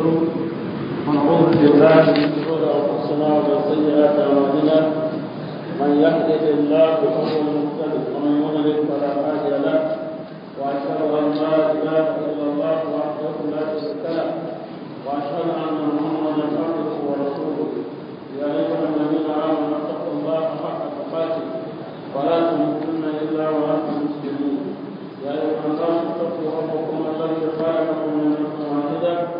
ونعوذ بالله من شرور انفسنا ومن سيئات اعمالنا من يهده الله فهو المهتد ومن يضلل فلا هادي له واشهد ان لا اله الا الله وحده لا شريك له واشهد ان محمدا عبده ورسوله يا ايها الذين امنوا اتقوا الله حق تقاته ولا تموتن الا وانتم مسلمون يا ايها الناس اتقوا ربكم الذي خلقكم من نفس واحده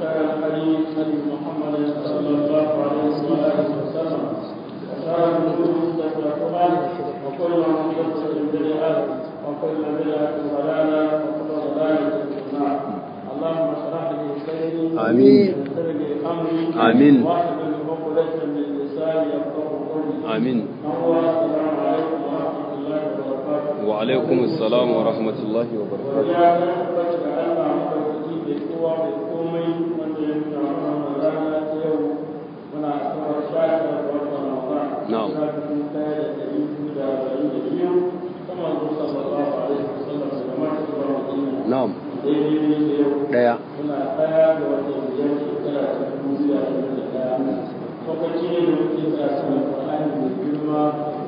وخير الحديث محمد صلى الله عليه وسلم وشر الامور محدثاتها وكل محدثه بدعه وكل بدعه ضلاله وكل ضلاله في اللهم اشرح لي صدري امين ويسر لي امري امين واحلل عقدة من يفقه قولي امين نعم، السلام ورحمه الله وبركاته وعليكم السلام ورحمه الله وبركاته ɗaya daya lokaci ne da muke karatu da Qur'ani da girma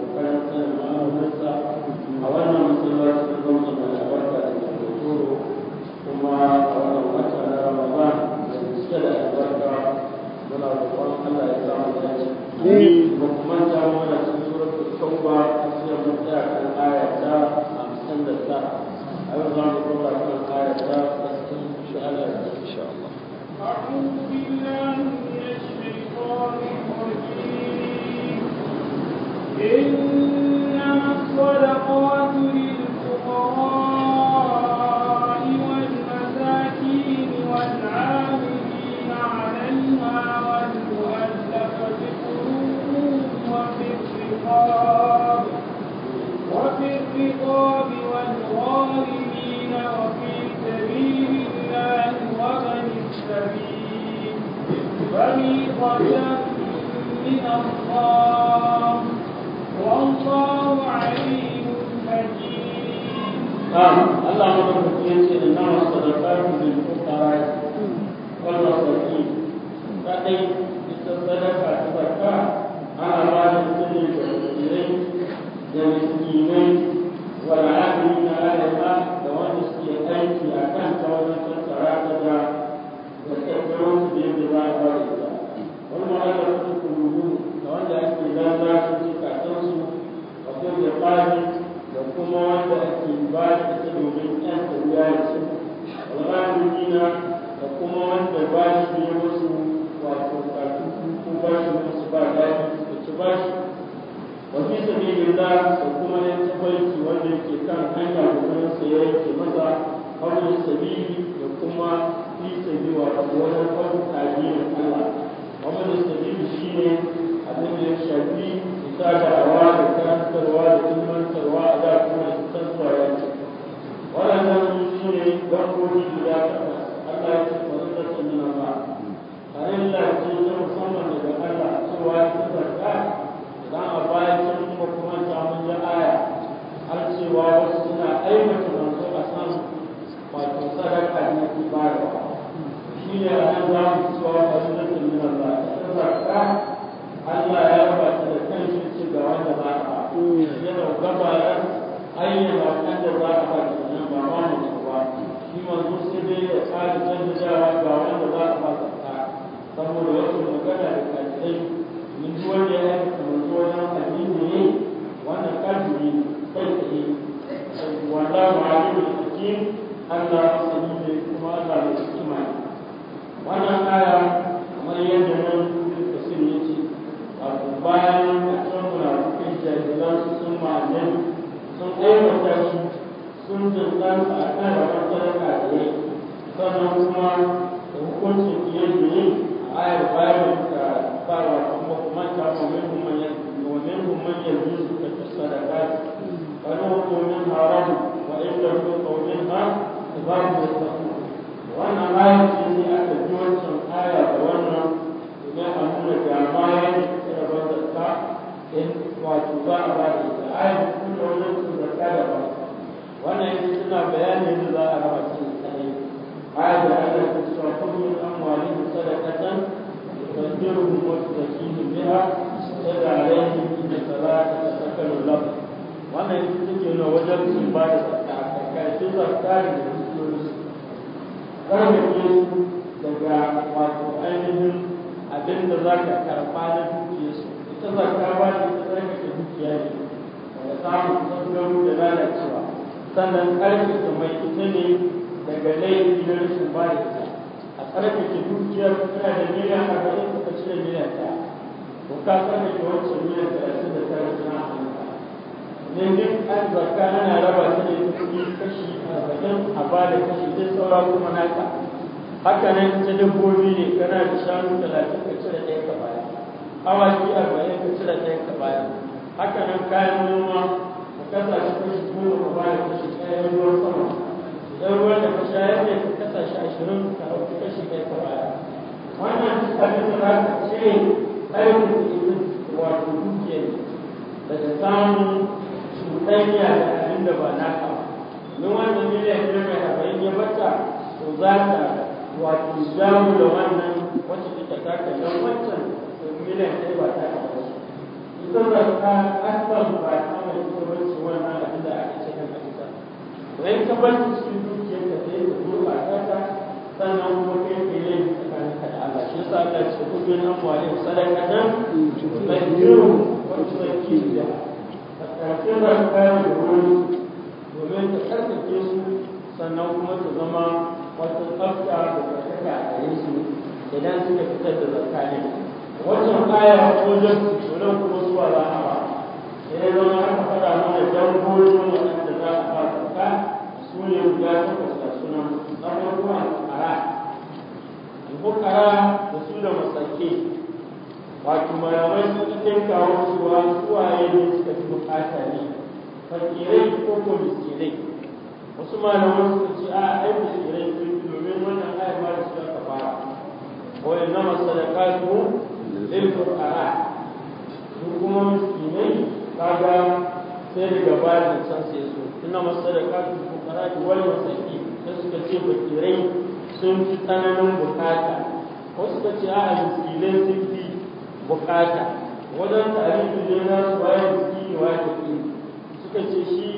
بالله su ba shi wafi sabilin da su kuma ne tafarki wanda ke kan hanya da kuma ya yake masa wani sabili da kuma fi sabi wa wajen wani tarihin Allah wani sabili shi ne abin da ya shafi isa da awa da karantarwa da ilmantarwa a da kuma tattarwa ya ce waɗannan shi ne gangoni guda takwas Allah ya ce wani tattalin ba a yin lafiya musamman daga Gracias. in wato ba a ba da ita a yi kuna wajen su zarka da ba wannan yake suna bayani yadda za a raba da tsaye a yi da ana kusurwa kuma wani da sadakatan tanjiru kuma su da shi ne biya ta da alayin da tsara ta tsakanin lafi wannan yake suke nuna wajen su ba da tsaka a karkashin zarka da kusurwa karfafe su daga wato ainihin abinda da za ka karɓa na dukiyarsu ita ta ba ne ta tsarkake dukiya ne daga samun tsangaro da lalacewa sannan da mai ita ne daga laifin na rashin ba a tsarkake dukiyar tana da miliyan arba'in suka cire miliyan ta ko ka tsarkake wancan miliyan talatin da na suna hannunka yanzu an zakka ana raba ta ne ta kuɗi kashi arba'in a ba da kashi duk saura kuma naka haka nan ta dabbobi ne kana da shanu talatin ka cire ɗaya awaki arba'in ka cire ɗayan ka baya haka nan kayan noma ka kasa shi kashi goma ka bayar ta ɗaya ruwan sama idan ruwan da ka shayar ne ka kasa shi ashirin ka ɗauki shi ɗaya ka baya wannan abin da za ka cire aikin ilimin wato dukiya daga samun cuɗanya da abin da ba naka ba don wannan miliyan ɗaya mai arba'in ya bata to za ta wato jamu da wannan wacce ta ta don wancan ina kai ba ta a wasu ita ba ta asan ba ta mai tsoronci wannan abin da aka ce kan ita wai ka ta cikin dukiyar ka sai ka gurɓa ta ta sannan kuma kai ka yi tsakanin ka da Allah shi yasa Allah ce ku bin nan wale sadaqatan tubayyiru wa tuzakkiya tsakanin ranka da wani domin ta karkace su sannan kuma ta zama wata tsafta da tsaka a gare su idan suka fitar da zakka ne wancan kaya ta wajen tsoron kuma zuwa rana ba sai zama aka fara mana dangogin waɗanda za a fara ka su ne guda takwas da suna na farko al'ara al'ukara da su da masake wato malamai sun ɗin kawo cewa suwaye ne suka fi bukata ne fakirai ko ko miskirai wasu malamai suka ce a ai miskirai domin wannan ayar ma da suka fara wa inna masadaqatu lil qur'an su kuma miskinai kaga sai daga bayan can sai su da masadaqatu lil da wani masakin sai suka ce fakirai sun fi tsananin bukata wasu suka ce a miskinai sun fi bukata wajen tarihi ne na su bayan miskini wa take suka ce shi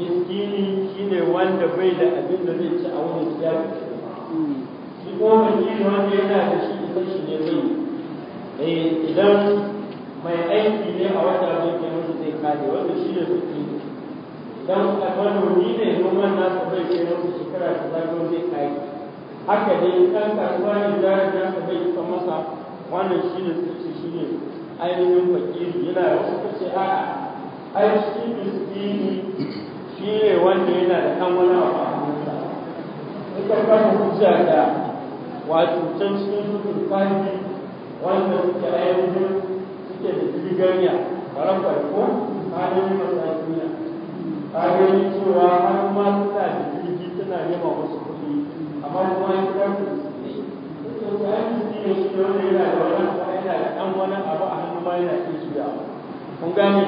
miskini shine wanda bai da abin da zai ci a wani ya fi hmm. shi kuma miskini wanda yana da shi ita shi ne zai yi Eh, idan mai aiki ne a wata mai mutu zai kare wanda shi ne suke idan a manomi ne noman nasa bai ke mutu shekara ta zagon zai kare haka dai ɗan kasuwa ne jarar nasa bai isa masa wannan shi ne suke shi ne ainihin fakiri yana da wasu ce a'a ai shi miskini shi ne wanda yana da kan wani abu a hannunsa in ka kama hujja da wato can cikin rukun kwanci wanda suke ainihin suke da jirganya faran farko halin masakina ta gani cewa har ma suna da jirgi suna yaba wasu kuɗi amma kuma ya fitar da su ne ainihin ne shi wanda yana da wani yana da ɗan wani abu a hannu ma yana iya shiga kun gane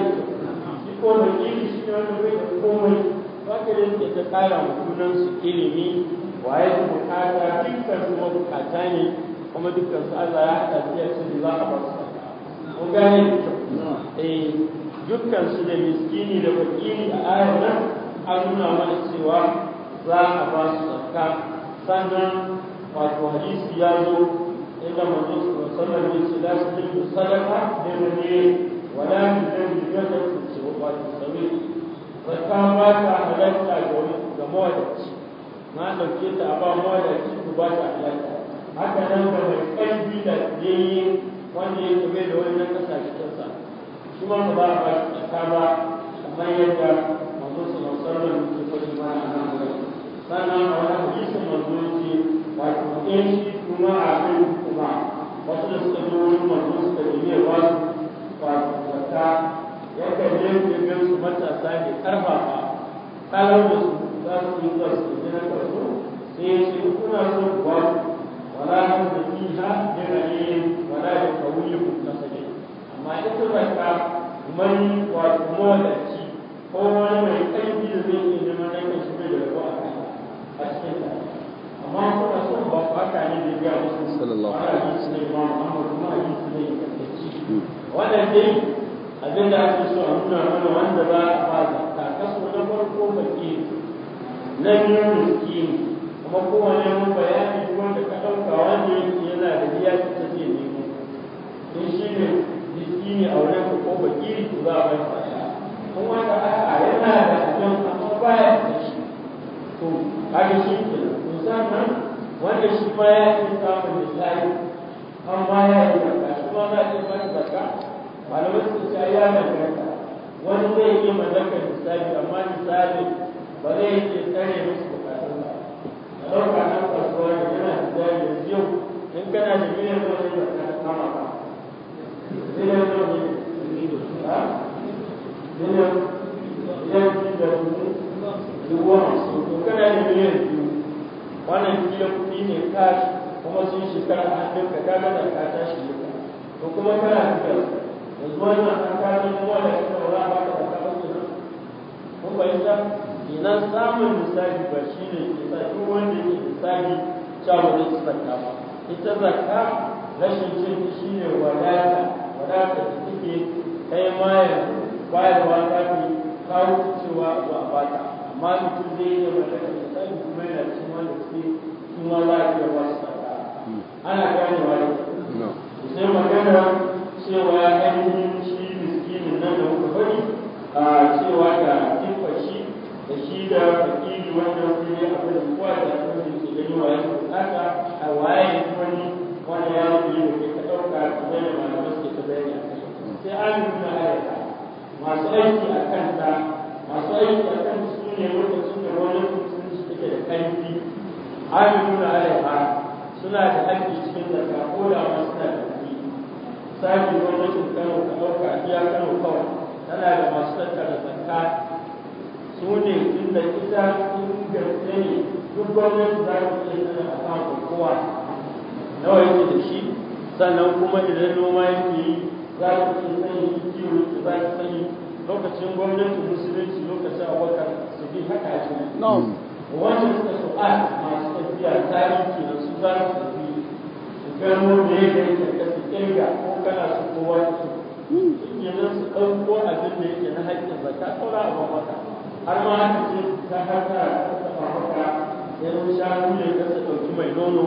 shi ko mai shi ne wanda bai da komai ba ke da suke ta ƙara wa junansu ilimi waye bukata dukkan su mabukata ne kuma dukkan su Allah ya haɗa su yace ne za a ba su kun gane eh dukkan su da miskini da fakiri a ayar nan an nuna mana cewa za a ba su zakka sannan wato hadisi ya zo inda manzo sallallahu alaihi wasallam ya ce la sadaqa bi rani wala min jannati sawati sabil zakka ba ta halatta ga mawadaci na dauke ta a ba mawadaci ku ba ta halatta haka nan ga mai ƙarfi da yayi wanda ya kube da wannan kasashe kansa shi ma ba a ba shi tsaka ba kamar yadda mamun sallallahu alaihi wasallam ya ba a nan gurin sannan a wani hadisin manzo yake wato in eh, shi kuma a kan kuma wasu da suka zo wani manzo suka nemi ya ba su su matasa ne karfafa kalar da su za su yi zuwa su je na karfi sai ya ce kuna son ba ولا يمكن فيها لغير ولا يقوي متصل أما kuma من ci ko wani mai ƙarfi da zai iya neman ɗan kashi bai da rabuwa a cikin ta amma kuma sun ba su haka ne da biya musu sallallahu alaihi wasallam ma Muhammad kuma yi su ne kace wannan dai abin da ake so a nuna mana wanda za a ba zakka kaso na farko baki na biyu miskini kuma kowane mun bayani duk wanda haka wanda yake yana da biya ki ta ce ne ko in shi ne jiki ne a wurin ka ba kiri ku za a bai fata kun wanda aka yana da abin amma baya da shi to kaga shi ke to sannan wanda shi ma ya yi da misali an ma ya yi zakka shi ma za a Ba bani zakka malamai su ce ya mallaka wani zai iya da misali amma da misali ba zai iya tsare musu ɗauka ɗan kasuwa ne yana da jari in kana da ne ba kama ba ne da kana da wannan ne kuma sun shekara a hannunka ka gana ka tashi ne kuma kana da yanzu wannan an kaji kuma da kuma da kenan samun misali ba shi ne ke duk wanda ke misali cewa zai ci zakka ba ita zakka rashin cin shi ne wadata wadata da take kai ma yanzu bayarwa ta fi kawo cewa ba ba ta amma mutum zai iya mallaka misali kuma yana cin wanda suke su ma za a iya ba su zakka ana wa ne sai magana cewa ainihin shi miskinin nan da muka bari a cewa da da shi da fakiri wanda wani ne a kan kowa da kuma da ke gani wa yake bukata a waye wani wanda ya yi da ke ka ɗauka ka bayyana malamai suke ta bayani a kai sai an nuna ayyuka masu aiki a kanta masu aiki a kan su ne wanda suke wani sun suke da ƙarfi an nuna ayyuka suna da haƙƙi cikin zarga ko da ma suna da kuɗi sake gwamnatin kano ka ɗauka iya kano kawai tana da masu tattara zakka su ne inda ita gaske ne duk gwamnati za ta ce sanar a kan kowa nawa yake da shi sannan kuma idan noma yake yi za ta ce sani kiwo da za ta sani lokacin gwamnati musulunci lokacin abubakar su bi haka shi wajen suka su'ad masu tafiya tarihi da su za su bi su gano da ya me yake da su kirga ko kana su kowa su yi nan su ɗauko abin da yake na haƙƙin zakka saura a bambata har ma haka ce ta kasa ta saba haka irin shanu ne ta su mai nono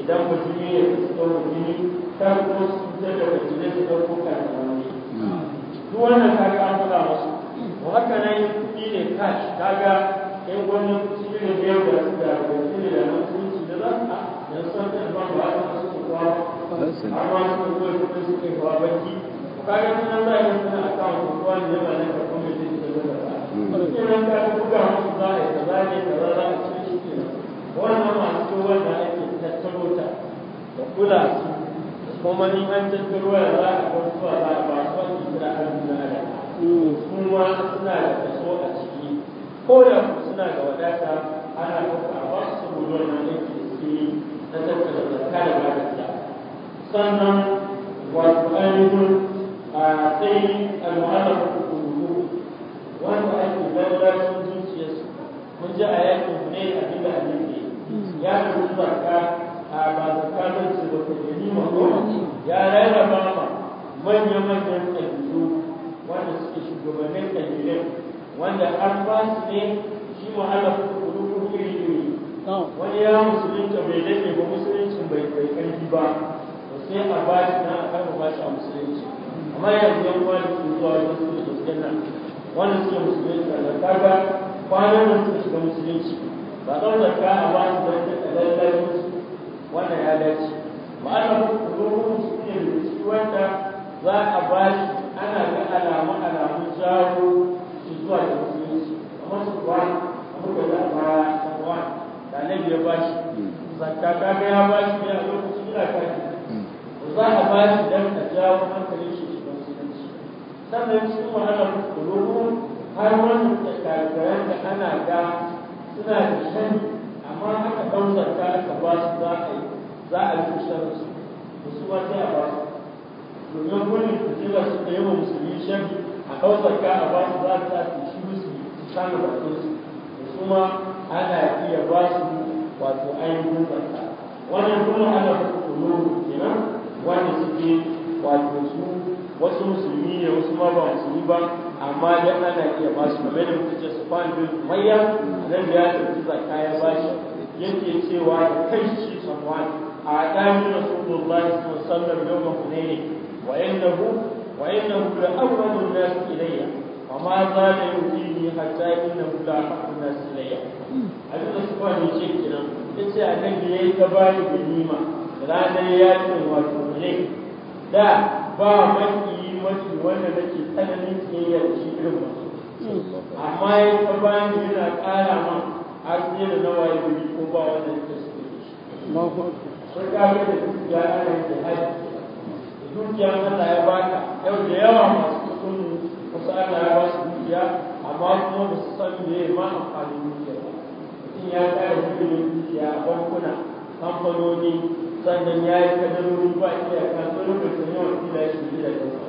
idan bujimi ne ta su ɗauki jini kan kuma su da da bujimi su ɗauko ta wani duk wannan ka ga an musu to haka nan kuɗi ne cash ka ga in wani kuɗi ne biyar da su da da nan da za a yan san da ba ba a su su kwa har ma su ɗauko da su kai kwa baki. ka ga sunan yi suna ne ba na karɓar mai jini da ba. kenan buga za a yi kaza za a wannan masu ake tattaro ta kuma ni an ya za a a ba su wani kira na da suna da kaso a ciki ko da suna da wadata ana a ba su na tattara da sannan wato ainihin a tsayin al'adar wanda ake gargajin zuciyarsu mun ji a yakin ne hmm. a gida a nan ya ba ka a ba zaka don su ba ta gani ma ya rarraba ma manya-manyan ƙabilu wanda suke shugabannin ƙabilun wanda an ba su ne shi ma'ala kuru iri iri oh. wani ya musulunta bai daɗe ba musuluncin bai bai ƙarfi ba Ba sai a ba shi na a kan ba shi a musulunci amma yanzu yan kwalifi zuwa wajen su da gina. wannan suke musulunci a nan kaga kwanan nan suka shiga musulunci ba zan zarka a wani ta lallai musu wannan ya dace ma'ana ruhun su ne musu wanda za a ba shi ana ga alamu alamun jawo su zuwa da musulunci kamar su kuwa kamar da za a ba ta kuwa da nan ya ba shi zakka kaga ya ba shi ne lokacin yana kaji hmm. za a ba shi dan a jawo hankali sannan cikin wahalar kulubu har wannan kafiran da ana ga suna da shan amma aka ɗaukaka aka ba su za a yi za a yi shan su da su wata sai a ba su domin da fitila su da yawan musulmi shan a ka a ba su za su ta shi musu su samu bakin su da su ma ana iya ba su wato ainihin zarta wannan kuma ana kulubu kenan wanda suke wato su wasu musulmi ne wasu ma ba musulmi ba amma dai ana iya ba su kamar da muka ce su fan bin umayya nan da ya tafi zakka ya ba shi yake cewa kai shi sanwan a ɗani rasulullahi sallallahu alaihi wa sallam wa innahu wa innahu la awwalun nas ilayya wa ma zala yudini hatta innahu la awwalun nas ilayya abin da su fa ne ce kenan yace annabi yayi ta bani ganima ranar ce wato ne da ba maki mafi wanda nake tsananin kiyayyar shi irin masu amma ya ta bayan yana ƙara ma har sai da nawa ya bi ko ba wanda ya tashi da shi sun kafin da dukiya ana yi da haji dukiya Allah ya baka yau da yawa masu kuɗin wasu Allah ya ba su dukiya amma kuma ba su san me ma amfani dukiya ba mutum ya ƙara kuɗin dukiya bankuna kamfanoni sannan ya yi kadarori ba iyaka wani mutum yawan kila shi ne da kansa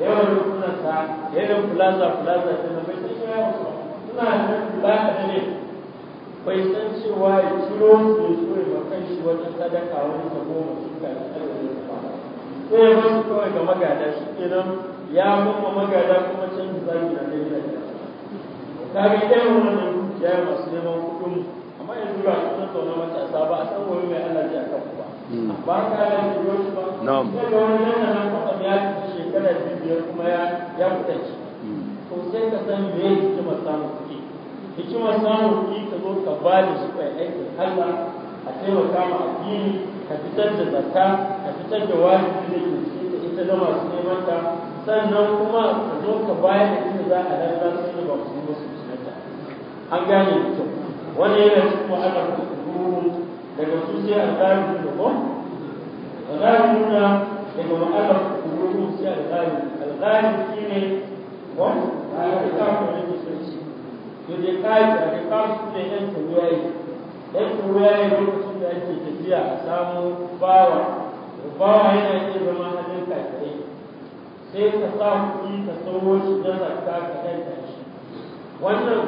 yawan rukunansa yawan plaza plaza ta na bai san yawan sa suna nan kula da ne bai san cewa ya ciro su ya so ya kan shi wajen sadaka wani ta goma su ka da alwani ta ba sai ya su kawai ga magada shi kenan ya mamma magada kuma can da zagi na dai da ta kaga ɗaya wannan ya masu neman kuɗin amma yanzu ba su tattauna matasa ba a san wani mai alaji a kan ba Hmm. ba ka da kuyoshi ba na'am sai wani ya ci shekara ya hmm. ka san me hikimar samun kuɗi samun ka zo ka ba da su kai aikin Allah a taimaka ma addini ka fitar da zakka ka fitar da wajibi da ke da ita da masu neman ta sannan kuma ka zo ka bayar da inda za a lalata su ne ba su musulunta an gane da kyau wannan yana cikin da ku daga su sai alƙalin da ko alƙalin nuna da ga daga ma'alar kurutu sai alƙalin alƙalin shi ne ko a yi kafin da musulunci to da kayi da ga kafin su ne yan tawaye yan tawaye lokacin da ake tafiya a samu bawa da bawa yana iya zama halin kakai sai ka sa kuɗi ka sauro shi don zakka ka ɗanta shi wannan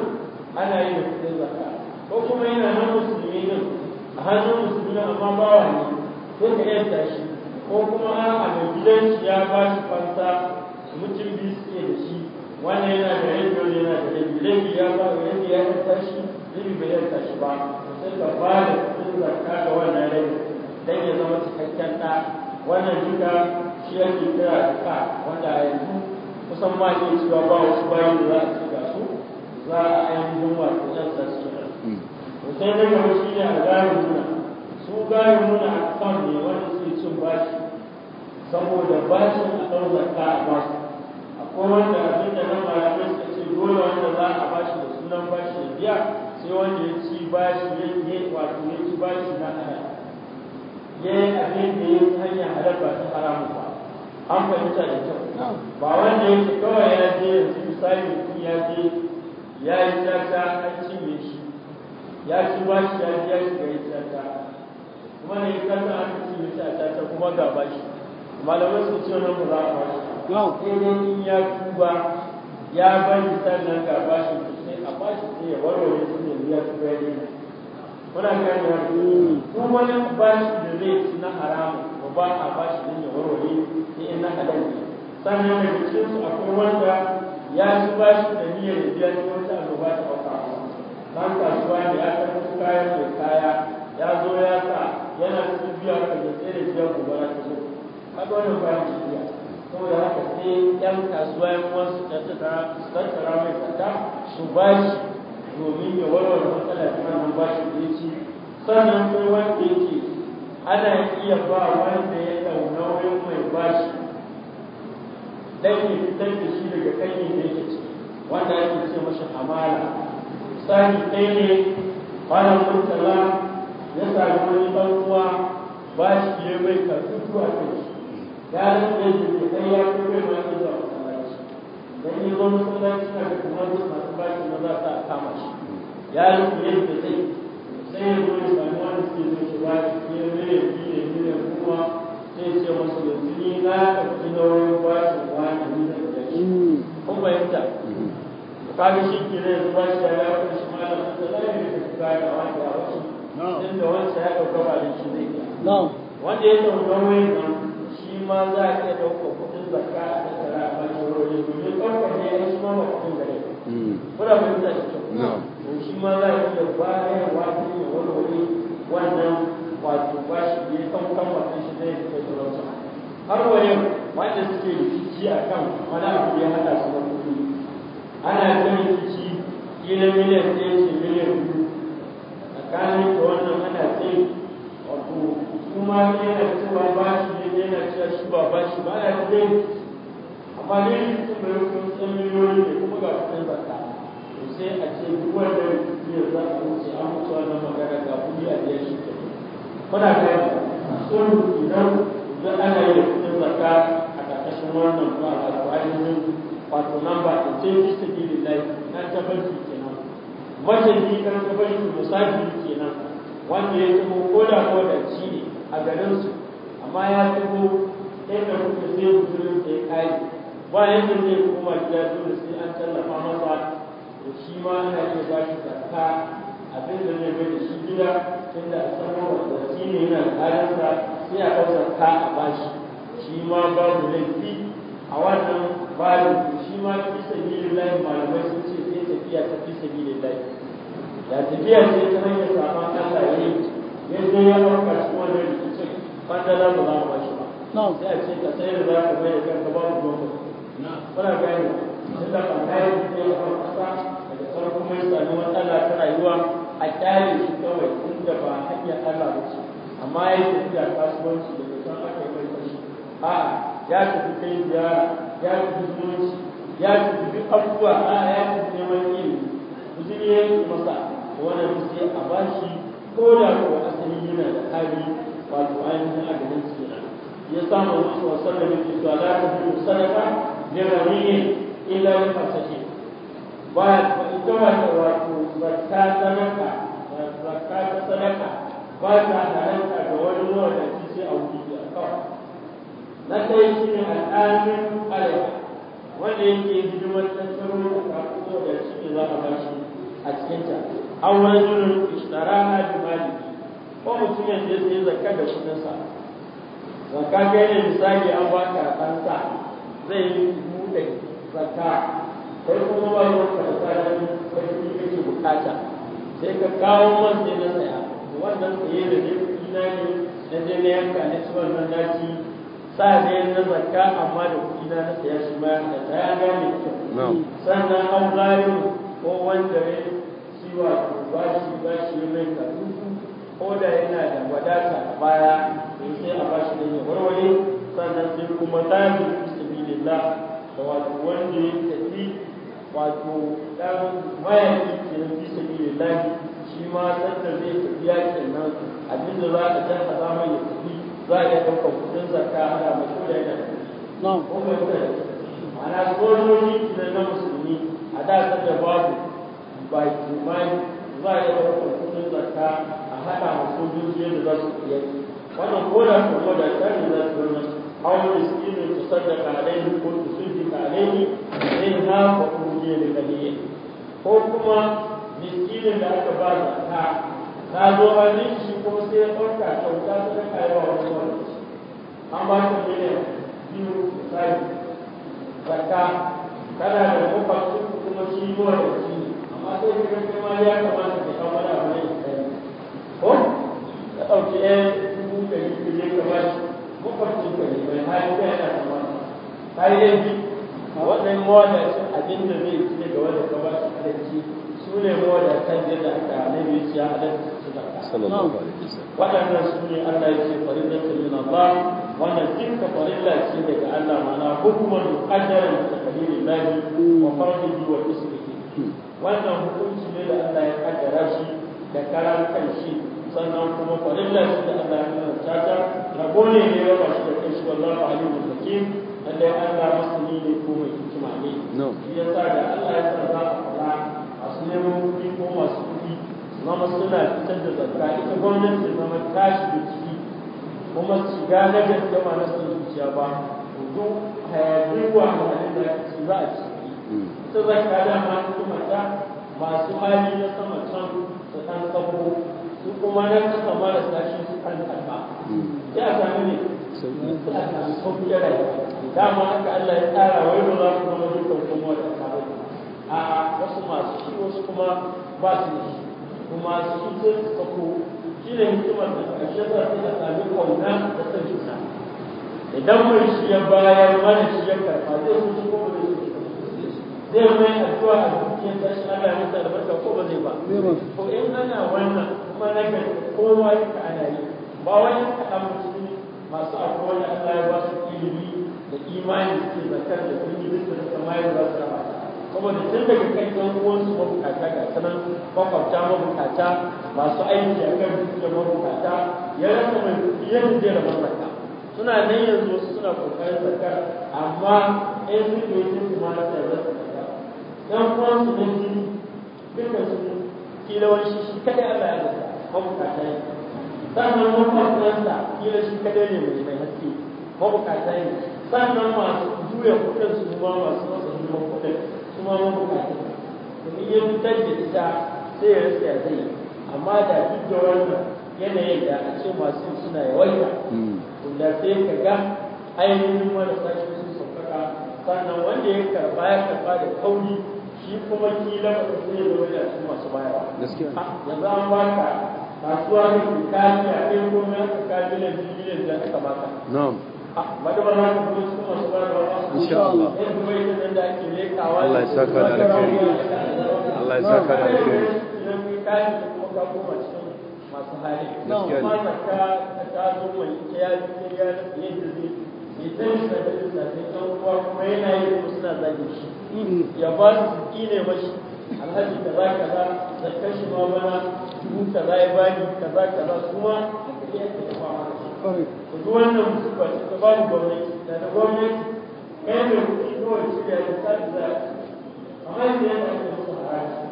ana yin kuɗin zakka ko kuma yana nan musulmi ne a hannun musulmi amma bawa ne sai ka yanta shi ko kuma a mai gidan shi ya ba shi fanta mutum biyu suke da shi wannan yana da rabi wani yana da rabi rabi ya ba da rabi ya yanta shi rabi bai yanta shi ba sai ka ba da kuɗin zakka ga wannan rabi dan ya zama cikakken ɗa wannan duka shi yake kira da ka wanda a yanzu kusan ma ke cewa ba wasu bayan da za a ci ga su za a ainihin wato yanta su sai na gaba shi ne a gayin nuna su gayin nuna a kan ne wani sai cin bashi saboda bashi a ɗau zakka a bashi akwai wanda abin da nan malamai suka ce dole wanda za a bashi da sunan bashi da biya sai wanda ya ci bashi ya yi wato ya ci bashi na ana ya yi abin da ya hanya halar ba ta haramu ba an fahimta da kyau ba wanda ya ce kawai ya je yanzu misali ya je ya yi caca an cinye ya ci ba shi ya biya shi gari tata kuma ne kasa aka ci yi tata kuma ga ba shi malamai sun ce wannan ba a ba shi in ya tuba ya bari sannan ga ba shi sai a ba shi sai ya warware su ne ya tuba ya ne kuna gane yi kuma wani ba shi da zai ci na haramu ba ba a ba shi ne ya warware sai in na halal ne sannan da cikin su akwai wanda ya ci ba shi da niyyar biya ta wata annoba ta man kasuwa ne ya su kayan mai kaya ya zo ya sa yana cikin biya ka da tsere biya gobara ta zo a wani bayan tafiya saboda haka sai yan kasuwa yan wasu tattara mai kata su ba shi domin ya warware matsalar nan ba shi da ci sannan kai wanda yake ana iya ba wanda ya ɗau nauyin mai bashi dan ya fitar da shi daga kanyin da yake ciki wanda ake ce masa hamala tsari ɗaya ne malam murtala ya sami wani ɗan uwa ba shi ya mai karfi zuwa kai ya rage da ɗan ya fi mai ma ya zuwa masallaci dan yi zo masallaci na kuma wasu masu bashi na za su kama shi ya rage yadda zai sai ya zo ya sami wani suke zo shi ba shi ya mai ya fi ya fi ya kuma sai ce masu yanzu ni na wani ne da ko bayanta kaga shi ke ne yanzu ba shi ya lafiya shi ma da su zai ne da kuka da wani. a wasu inda wanda ya ɗauka ba da shi zai wanda ya ɗauka wai nan shi ma za a iya ɗauka kuɗin zakka a tattara a bakin roje domin ɗaukar ne ya shi ma ba kuɗin gare mm. kuna fahimta da kyau to shi ma za a iya bayarwa ta yi wani wani wannan wato bashi da ya ɗaukan mutum shi zai fita sauransa har wa yau wanda suke rikici akan wani abu ya haɗa su da ana son ki shi na miliyan ɗaya ce miliyan biyu kanin da wannan ana tsaye wato kuma yana cewa ba shi ne yana cewa shi ba ba shi ba ya tsaye amma ne ba yi kuma san miliyoyi ne kuma ga kuɗin zakka to sai a ce duk wanda ya za a wuce an mutu wannan magana ga kuɗi a biya shi ke kuna idan idan ana yin kuɗin zakka a ƙarƙashin wannan ba a wato namba ta ce fi lai na ke nan kenan majalli kan tabarki ke nan wanda ya taho ko da ko da ci ne a garin su amma ya taho inda kuka sai gudurin da ya kai ba yadda zai kuma gida dole sai an tallafa masa da shi ma ana iya ba shi zakka abin da zai bai da shi gida inda a samu wanda shi ne yana kayansa sai a kawo zarka a bashi shi ma babu laifi a wannan malu shi ma fi sabilillahi malamai sun ce sai tafiya ta fi sabilillahi da tafiya sai ta hanyar saman Allah ya ya je ya ɗauka shi wannan rikicin bandala za a ba shi ba sai a ce ka sai za ka mai da kanka babu gwamnati kuna gani sun da ban kayan da ya hau kasa daga farko mai sami matsala ta rayuwa a kyale shi kawai inda ba hanyar Allah ba ce amma ya yi tafiya kasuwanci da kusan aka yi a ya tafi kai ziyara ya tafi zuci ya tafi abubuwa a ya tafi neman ilimi mutum ya yi masa wani sai a bashi ko da ko asali yana da hali wato ainihin a garin su kenan ya samu wasu wasan da muke cewa la ta fi sadaka da ramiye illa ya fasashi ba ita wata wato ta sadaka ba ta halarta ga wani wanda ce a wuri a kawai na ɗaya shi ne al'amin ƙarya wanda yake hidimar tattaro da kusa da shi ne za a ba shi a cikinta an wani jirin ishtaraha bi maliki ko mutum ya je sai zakka da kuɗinsa zakka kai ne misali an ba ka ɗansa zai yi buɗe zakka kai kuma ba yi wata da kai wani kake bukata sai ka kawo man ne na saya wannan saye da ne kuɗi na ne na je na yanka na ci wannan daji sa ne na zakka amma da kuɗi na na saya shi bayan da ta ya gane kyau sannan an gano ko wanda ya shi wato ba shi ba shi mai karatu ko da yana da wadata a baya to sai a bashi da ya warware sannan sai kuma ta tsari sabilillah da wato wanda ya tafi wato dan mayaki ke na fi sabilillah shi ma sanda zai tafi yakin nan abinda za ka tantaba mai ya tafi za a iya ɗaukar kuɗin zakka ana mashi da yana da kuma da ana sojoji da na musulmi a da ta da babu ba kimani za a iya ɗaukar kudin zakka a haɗa ma sojoji yadda za su iya wannan koda kuma da tsari za su zama hawan miskinin su sadaka alaihi ko su sujjika alaihi sai na kuma je da kaliye ko kuma miskinin da aka ba zakka na zo hannun shi kuma sai ya farka kyauta ta da kayawa wani wani an ba ta miliyan biyu misali zakka kana da kofar kuma shi zuwa da shi amma sai ka kai ma ya kamata ka kawo wani abu ne kai ko ka ɗauki ɗaya dubu yi ka je ka bashi kofar su ka yi mai hali ɗaya na kamata ka yi yanzu a waɗannan mawadacin abin da zai ci ga wanda ka bashi adalci su ne mawadacin da aka nabi shi ya adalci waɗannan alaihi wasallam wadannan sune Allah yake faridatu min Allah wannan dukka farilla ce daga Allah mana hukumar qadarin takdirin lahi wa fardihi wa ismihi wannan hukunci ne da Allah ya kaddara shi da karan kanshi sannan kuma farilla ce da Allah ya rubuta ta rabo ne ne ya bashi da kanshi wallahu alimul hakim Allah Allah musulmi ne ko mai hikima ne shi yasa da Allah ya sa a fara masu neman kuɗi ko masu zama suna fitar da zakka ita gwamnati ta zama ta da ciki kuma shiga na da ma na zuciya ba to duk hayaduwa da da su za a ciki ita ma dama hikima ta masu hali na sama can su kan kafo su kuma na kasa mara shi su kan kasa ya sami ne ya dama haka Allah ya tsara wai ba za su zama dukkan kuma da a wasu masu shi wasu kuma ba su da shi kuma su sun sako shi ne hikimar da a za ta da sami ƙauna da san juna idan mai shi ya bayar mana shi ya karɓa zai kusa ko ba zai zai mai addu'a a cikin tashi Allah ya sa barka ko ba zai ba ko in ana wannan kuma na ga kowa ka ana yi ba wani kaɗan musulmi masu abubuwan da Allah ya ba su ilimi da imani suke zakar da sun yi da za su saboda tun daga kan yan uwansu mabukata ga sanan makwabta mabukata masu aiki a kan dukiyar mabukata ya rasa mai yin da mabukata suna nan yanzu wasu suna kokarin zakar amma ɗaya su ke yi su ma sai rasa zakar yan uwansu na jini dukkan su kilawan shi shi kadai Allah ya da mabukata ya sannan makwabtansa kila shi kadai ne mai mai haske mabukata ya sannan masu juya kuɗin su ma masu masa hidimar kuma mun bukata domin ya fitar da ita sai ya rasa zai amma da duk da wannan yanayin da a ce masu suna yawaita hmm. da sai ka ga ainihin marasa shi sun sauƙaƙa sannan wanda ya karɓa ya karɓa da kauri shi kuma kila ba sai ya zama da su masu bayarwa yanzu an baka kasuwa ne ka kaji a ɗaya ko mai ka kaji na da aka baka insha Allah ya saka da alkhairi Allah ya saka da alkhairi ya ba su ya ku ji wannan musuba ce ta bani gwamnati da da gwamnati mai da kuɗi kawai shi da ya sa da amma yanzu yana ake musu haraji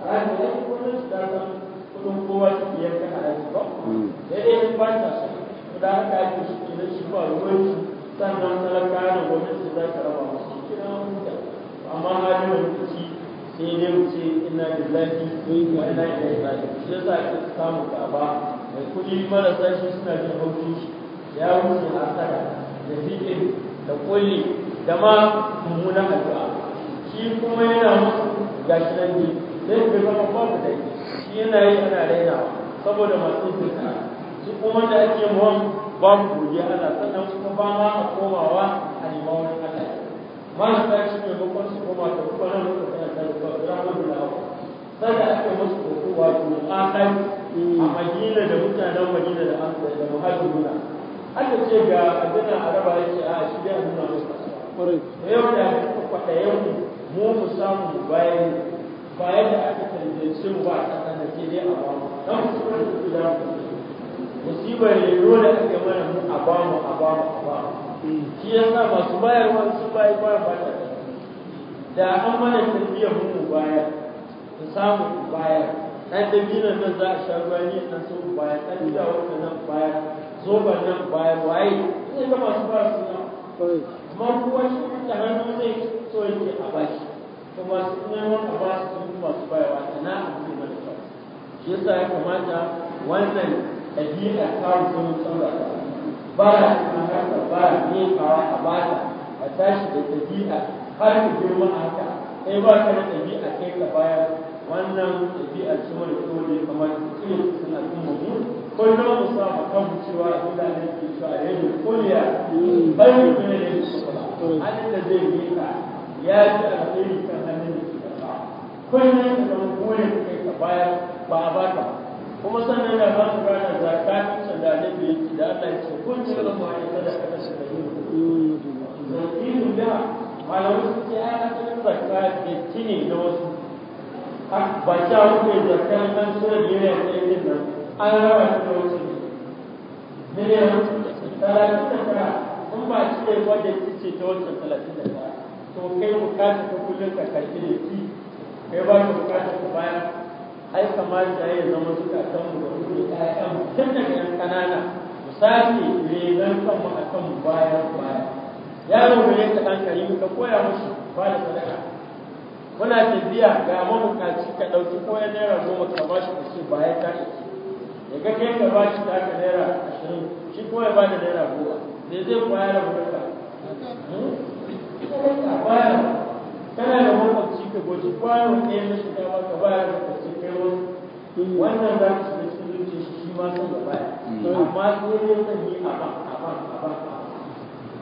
haraji ya yi gwamnati da san kuɗin kowa su biyar ta haraji ba hmm. sai dai in ba ta so ku da haka ake shi ke shi ba ruwan shi sannan talaka da gwamnati za ta raba musu kira mutu amma halin da muke ci sai dai mu ce ina da zafi ko ina da zafi shi yasa ake samu ba. da kuɗi mara shi suna jin hauki ya wuce a tsara da zikin da ƙulli da ma mummunan addu'a shi kuma yana musu gashi nan ne zai fi zama babu da shi yana yi ana raina saboda masu zuka shi kuma da ake muwan babu godiya ana sannan kuma ba ma a komawa a nema wani Allah ma su ta shi maimakon su koma ta kuma nan lokacin da ta rufa rahmatullahi sai da aka musu koko wato akan a madina da mutanen madina da ansa da muhajiruna aka ce ga adana araba yake a shi da nuna musu kwarai yau da aka kwada yau mu mu samu bayan bayan da aka tantance mu ba a kasa da ke dai a ba mu dan su kuma su da musibar ne dole aka mana mu a ba mu a ba mu a ba mu shi yasa masu bayarwa sun bayar ba ba da an mana tarbiyyar mu mu a samu ku bayar ɗan dabinan nan za a sha ruwa ne nan so bayar ɗan da wanda nan bayar zoban nan bayar waye zai ga masu ba su nan amma kuwa shi da hannu zai so yake a bashi to masu neman a ba su sun masu bayarwa sana a buɗe mana ba shi yasa ya kamata wannan ɗabi'a kawo sun saurara ba a cikin harkar ba a miƙawa a bata a tashi da ɗabi'a har ku girma haka kai ba ka da a kai ka baya wannan ɗabi'a ce wani dole ya kamata su cire su suna kuma mu ko na mu sa a kan cewa Allah ne ke cewa ya yi kuliya bayan kuma ne ke cewa hannun da zai yi ka ya ji alheri kan hannun da ke kasa kullum ka zama dole ka kai ka baya ba a baka kuma sannan da ba su gane zakka can da ne bai da Allah ya ce kun ce da mu ne kada ka kashe da yi. Zakirin da malamai sun ce ai asalin zakka da cini da wasu ba sha hudu ne zakka nan sura biyar da ɗaya nan an raba shi da wasu miliyan talatin da tara in ba shi ne wanda ya ce ta wancan talatin da tara to kai bukata ta kullum ka karɓi da shi kai ba ka bukata ka bayar ai kamata ya zama zukatanmu da kuɗi ɗayan tun daga ‘yan ƙanana misali rigar kanmu a kan bayan baya yaro ne ka dan karimi ka koya musu ba da sadaka muna tafiya ga mabukaci ka ɗauki koyar naira goma ka ba shi kusi bayan ka iki ya ga kai ka ba shi ta ka naira ashirin shi ko ya ba da naira goma me zai koya da mutaka hmm? kana da mabukaci ka goji kwano ɗaya na shi dama ka ba da mabukaci kai wani wannan za ka shiga cikin zuciya shi ma sun gaba hmm. amma sai dai zan yi a ban a ban a ban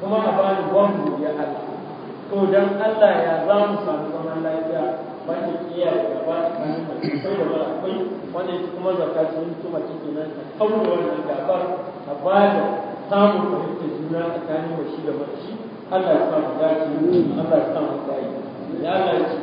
kuma a bani gwamnu ya Allah to dan Allah ya za mu samu zaman lafiya ba ki iya da ba ki sai da ba akwai wanda yake kuma zakka cikin kuma kike nan ta kawo wannan gabar a ba da samun fahimta juna tsakanin wa shi da mace Allah ya sa mu dace Allah ya samu dace ya Allah ya ce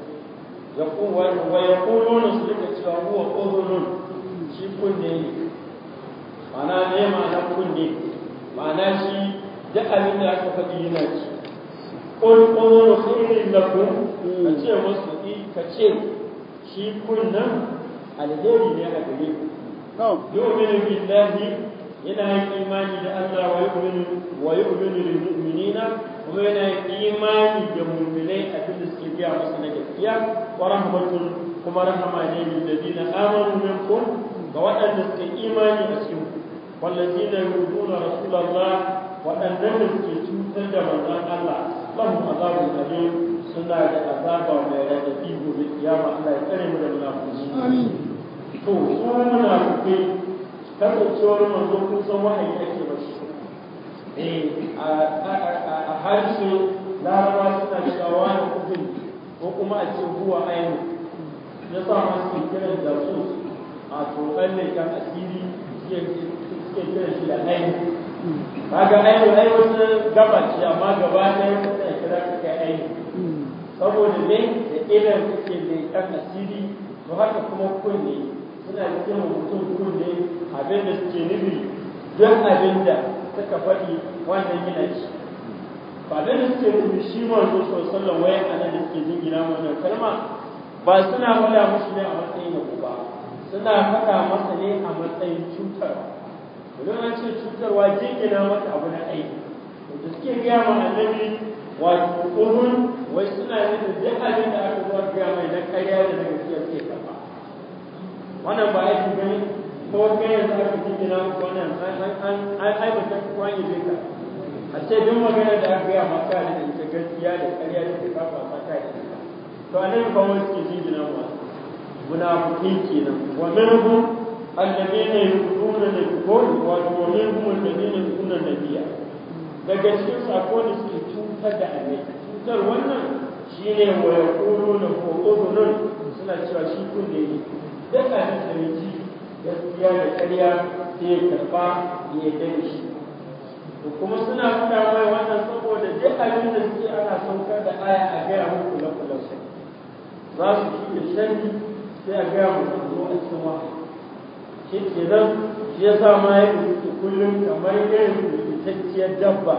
wa yaquluna su duka cewa huwa udhunun shi kunne ne ma'ana ne ma'ana kunne ma'ana shi duk abin da aka faɗi yana ci qul udhunu khairun lakum ka ce musu ka ce shi kunnan alheri ne a gare ku yu'minu billahi yana yin imani da wa mu'minina kuma yana yin imani da mu'minai a gaya masa na gaskiya wa rahmatun kuma rahama ne lil ladina amanu minkum ga waɗanda suka imani a cikin ku wal ladina yuduna rasulullah waɗanda suke cutar da manzon Allah lahum azabun alim suna da azaba mai radadi gobe kiyama Allah ya tsare mu da munafiki amin to sauran munafiki kasancewar manzo kun san wahayi ake bashi eh a harshe larabawa suna cewa wani ko kuma a ce kuwa ainu ya sa masu kiran da su a tsohon ne kan asiri suke kiran shi da ainu ba ainu ai wata gaba ce amma gaba ɗaya ya kira ka kai saboda ne da irin suke ne kan asiri to haka kuma kunne suna cikin mutum kunne abin da suke nufi don abin da suka faɗi wannan yana ci ba da suke nufi shi manzo sallallahu alaihi wasallam da suke jingina wannan kalma ba suna wala musu ne a matsayin yabo ba suna faɗa masa ne a matsayin cutar. idan an ce cutarwa jingina mata abu na aiki da suke gaya ma annabi wato ƙurun wai suna da duk abin da aka zuwa gaya mai na karya da na gaskiya suke karɓa wannan ba aiki ba ne ko kai yanzu aka jingina masa wannan an aibata kwanye zai karɓa a ce duk magana da aka gaya maka da ita gaskiya da ƙarya da ta kafa ta ita to anan ba wani suke jingina ba munafiki kenan wa minhum alladhina yuquluna al-qul wa wa minhum alladhina yuquluna nabiyya daga cikin sako ne suke cutar da annabi cutar wannan shine wa yaquluna ko udunun suna cewa shi kunne ne duk a cikin ji gaskiya da ƙarya sai karba ya dani shi kuma suna faɗa mai wannan saboda duk abin da suke ana saukar da aya a gaya muku na sai za su shirya shari sai a gaya muku zo a cikin ma shi ke nan shi ya sa ma ya rubuta kullum kamar irin rubutacciyar dabba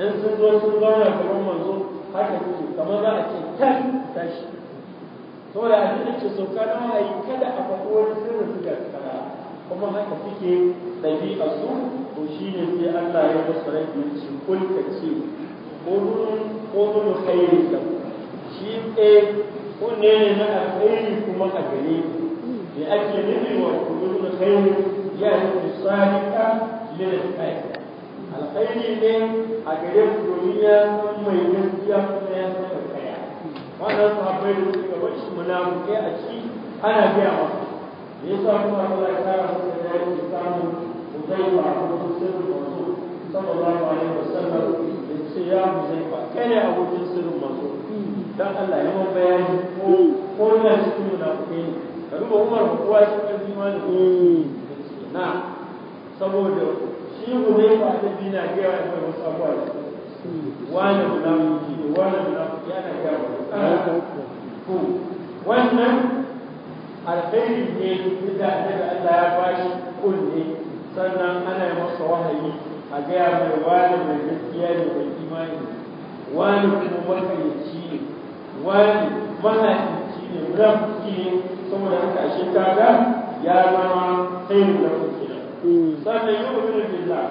in sun zo sun zauna kamar manzo haka suke kamar za a ce kan tashi saboda abin da ke sauka na wahayi kada a faɗo wani sirrin su kuma haka kuke ɗabi a su to shi ne sai Allah ya musu ne su kulka ce kulun kulun khairi da shi ɗaya kunne ne na alkhairi kuma a gare ku da ake nufi wa kulun khairi ya nufi sadika lil kai alkhairi ne a gare ku domin ya san mai gaskiya kuma ya san kaya wannan sahabbai da suka bar shi munafukai a ci ana gaya masa yasa kuma Allah ya kara masa da yayin da samu Uzaifa abokin sirrin manzo sallallahu alaihi wasallam da ce ya ba kai ne abokin sirrin manzo dan Allah ya mun bayani ko ko na cikin munafiki ne ka duba Umar ko kuwa shi kan imani na saboda shi Uzaifa da dina ga ya yi wasu abuwa wani munafiki ne wani munafiki ana ga wannan alkhairi ne duk da annabi Allah ya bashi kunne sannan ana yi masa wahayi a gaya mai wani mai gaskiya ne mai imani wani kuma makarici ne wani mahaici ne rafi ne saboda haka ta kaga ya zama khairu da kuke sannan yau da billah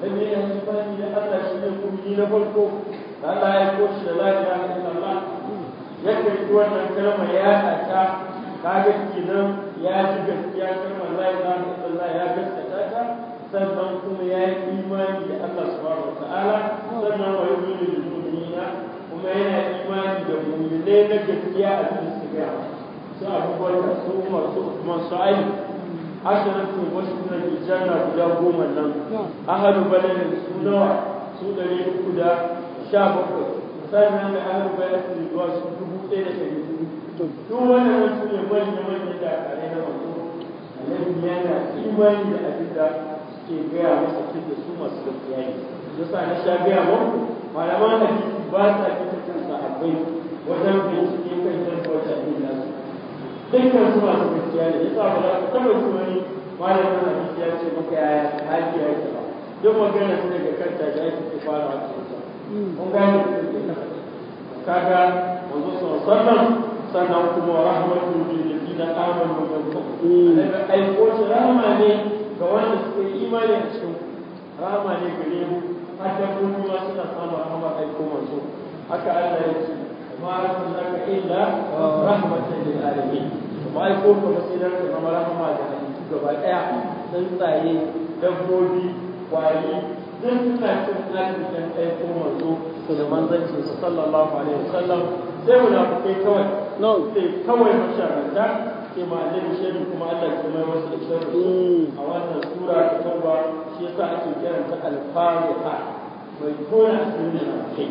dan ya yi bani da Allah shi ne kuma na farko Allah ya koshi da a la ilaha illallah yake wannan kalma ya ta kaga kenan ya ji gaskiya kan wallahi na Allah ya gaskata ta sannan kuma ya yi imani da Allah subhanahu wataala sannan wa yu'minu bil mu'minina kuma yana imani da mu'minai na gaskiya a cikin siga su abubakar su umar su usman su ali asharatu wasunan aljanna guda goma nan ahalu baladin su nawa su dari uku da sha bakwai sannan da ahalu baladin zuwa su dubu ɗaya da ɗari to duk wannan su ne manya manya da kare na wato annabi yana imani da abin da gaya masa tun da su masu gaskiya ne yasa na sha gaya muku malaman da ba sa fita kan sahabbai wajen bincike kan jarfawar abin nasu dukkan su masu gaskiya ne yasa ba za ka taɓa su wani malamin hadisi ya ce maka yaya haƙi ya ba duk magana su daga kanta da ya ke fara a cikin ta kun gane kaga manzo sallallahu alaihi wasallam sannan kuma wa da lil ladina amanu wa taqu ai ko rahama ne ga wanda suka yi imani a cikin rahama ne gare mu a mun ma suna samun rahama ai ko manzo haka Allah ya ce ma arsalnaka illa rahmatan lil alamin kuma ai ko kuma sai dan ka zama rahama ga aiki gaba daya tsuntsaye dabbobi kwari duk suna cikin tsarin dan ai ko manzo da su sallallahu alaihi wasallam sai munafukai kawai no sai kawai masharanta sai ma da shehu kuma Allah ya mai wasu da shehu mm. a wannan sura ta tauba shi yasa ake kiranta al-fatiha mai koya sunan kai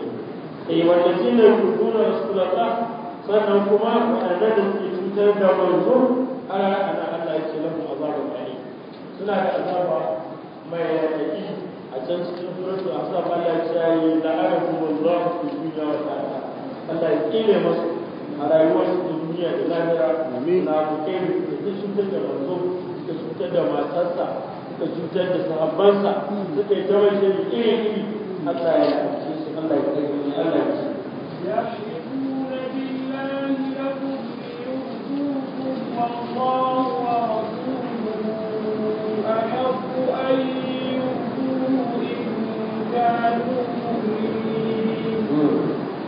sai wanda shine rubutun rasulullah sannan kuma waɗanda da suke cutar da manzo ana ana Allah ya ce lahu azabun alim suna da azaba mai radadi a can cikin suratul ahzab Allah ya ce la arabu wallahu fi dunya wa ta. Allah ya kire masu a rayuwar duniya da lahira na bukai da suka cutar da manzo suka cutar da matarsa suka cutar da sahabbansa suka yi ta mai shari iri iri Allah a kace su Allah ya kace su Allah ya kace والله ورسوله أحق أن يؤتوه إن كانوا مؤمنين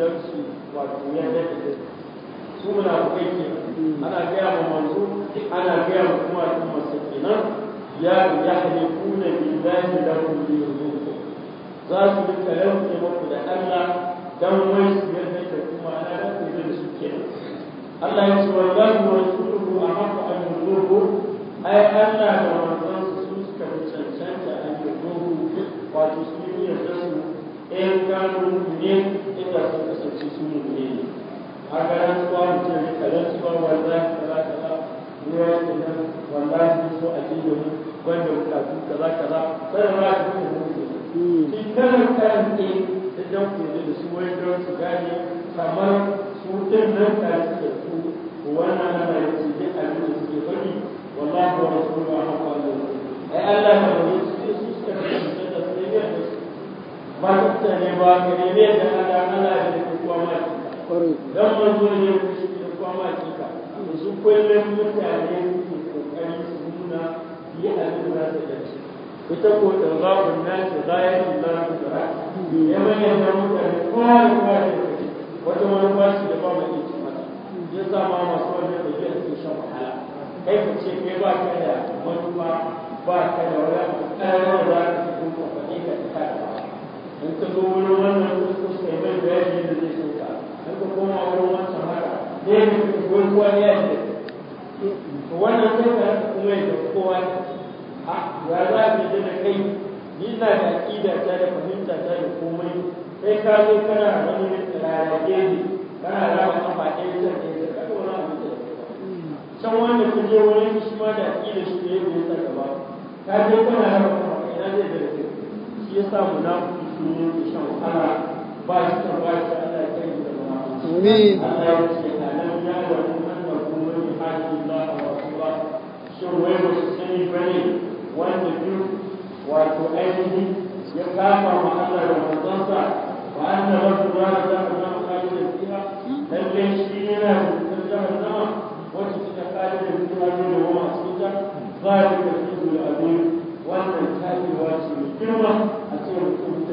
don su wato yadda da su su munafukai ke ana gaya ma manzo ana gaya ma kuma al'umma su kenan ya ya halifuna billahi lahum li yuzuku za su kayan yanke muku da Allah dan wai su yadda da kuma ana da su da su kenan Allah ya ce wallahi wa rasuluhu ahaqqu an yuzuku ai Allah da manzon su suka cancanta an yuzuku wato su ne da su in kanu ne tafiya sun kasance su mummune ne haka rantsuwa mutum ya rika rantsuwa wallahi kaza kaza ruwa ke nan wallahi sun so a jiya ne wanda bukatu kaza kaza sannan ma ka kuma mutu hmm. shi kanan kan ne da dan kuɗi da su wai don su gane kamar su ɗin nan ka suke su wannan ana yin su duk da suke bari wallahi wa rasulullahi wa rahmatullahi ai Allah ma ne su suka kasance matarsa ne ba ka ne ne da ana ana da ke kwama ki dan manzo ne ku shi da kwama ki ka su kullum mutane su kokari su nuna yi abin da za su ita ko da za ku na ta zayar da za ku tsara ya bayyana mutane da kwari ce. wata wani ba shi da ba mai ci mata ya zama masu wannan da yake su shan wahala kai ku ce kai ba ka da manufa ba ka da wani ƙarfi da za ka ci kuma ka ka ta ba. in ka zo wannan kuskus kai mai bayani da zai so in ka koma wurin wancan haka dai wani kowa ne ya ce to wannan kai ka haka kuma ya tafi kowa ne a ya za a bi da kai ni na da aƙida ta da fahimta ta da komai kai ka zo kana wani rarrage ne kana raba kafa ɗaya can ɗaya ka kada wani abu da can wanda ka je wurin shi ma da aƙida shi ne ya saka ba ka je kana raba kafa ɗaya na zai da kai shi ya samu na mutum ya fi shan da zama nan ya wai ba su sani bane wanda wato ainihin ya kama ma da manzansa ba an da zama kaji da tsira shi yana da jama'a zama ta da tsira ne da wani a cikin ta ذلك الحزب العظيم وان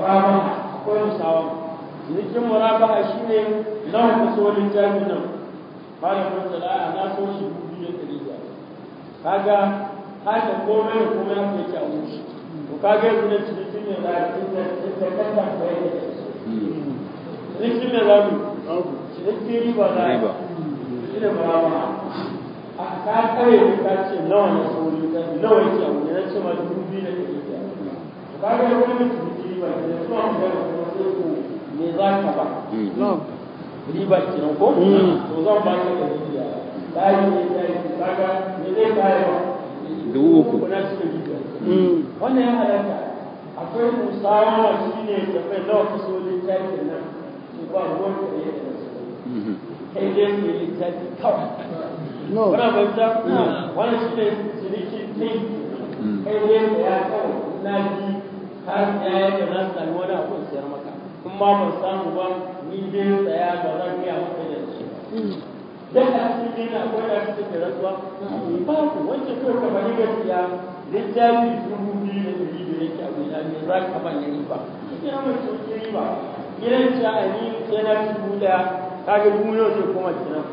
murabaha akwai musawa cinikin a shi ne lawan kasolin jami'in bayan wanda da a na shi biyu da ɗari kaga haka komai kuma ya to kaga yanzu a cikin kanta ko ya ke ne za mu riba shi ne murabaha a ka kare ne ka ce nawa na sauri nawa a na ce ma dubu biyu da ɗari biyar ne cinikin riba ke suna magana kuma sai ku me mm. ko mm. ne ne mm. ne mm-hmm. ne ne ne har ya yi da na wani abu in sayar maka kun ba ban samu ba ni dai tsaya ba zan iya maka da shi da ka sun na akwai da su ke rasuwa ba ku wancan ko ka bari gaskiya littafi dubu biyu da ɗari da yake abu ya ne za ka ban yi ba ina mai sauki riba gidan ci a ni yana dubu ɗaya ka dubu yau zai koma kenan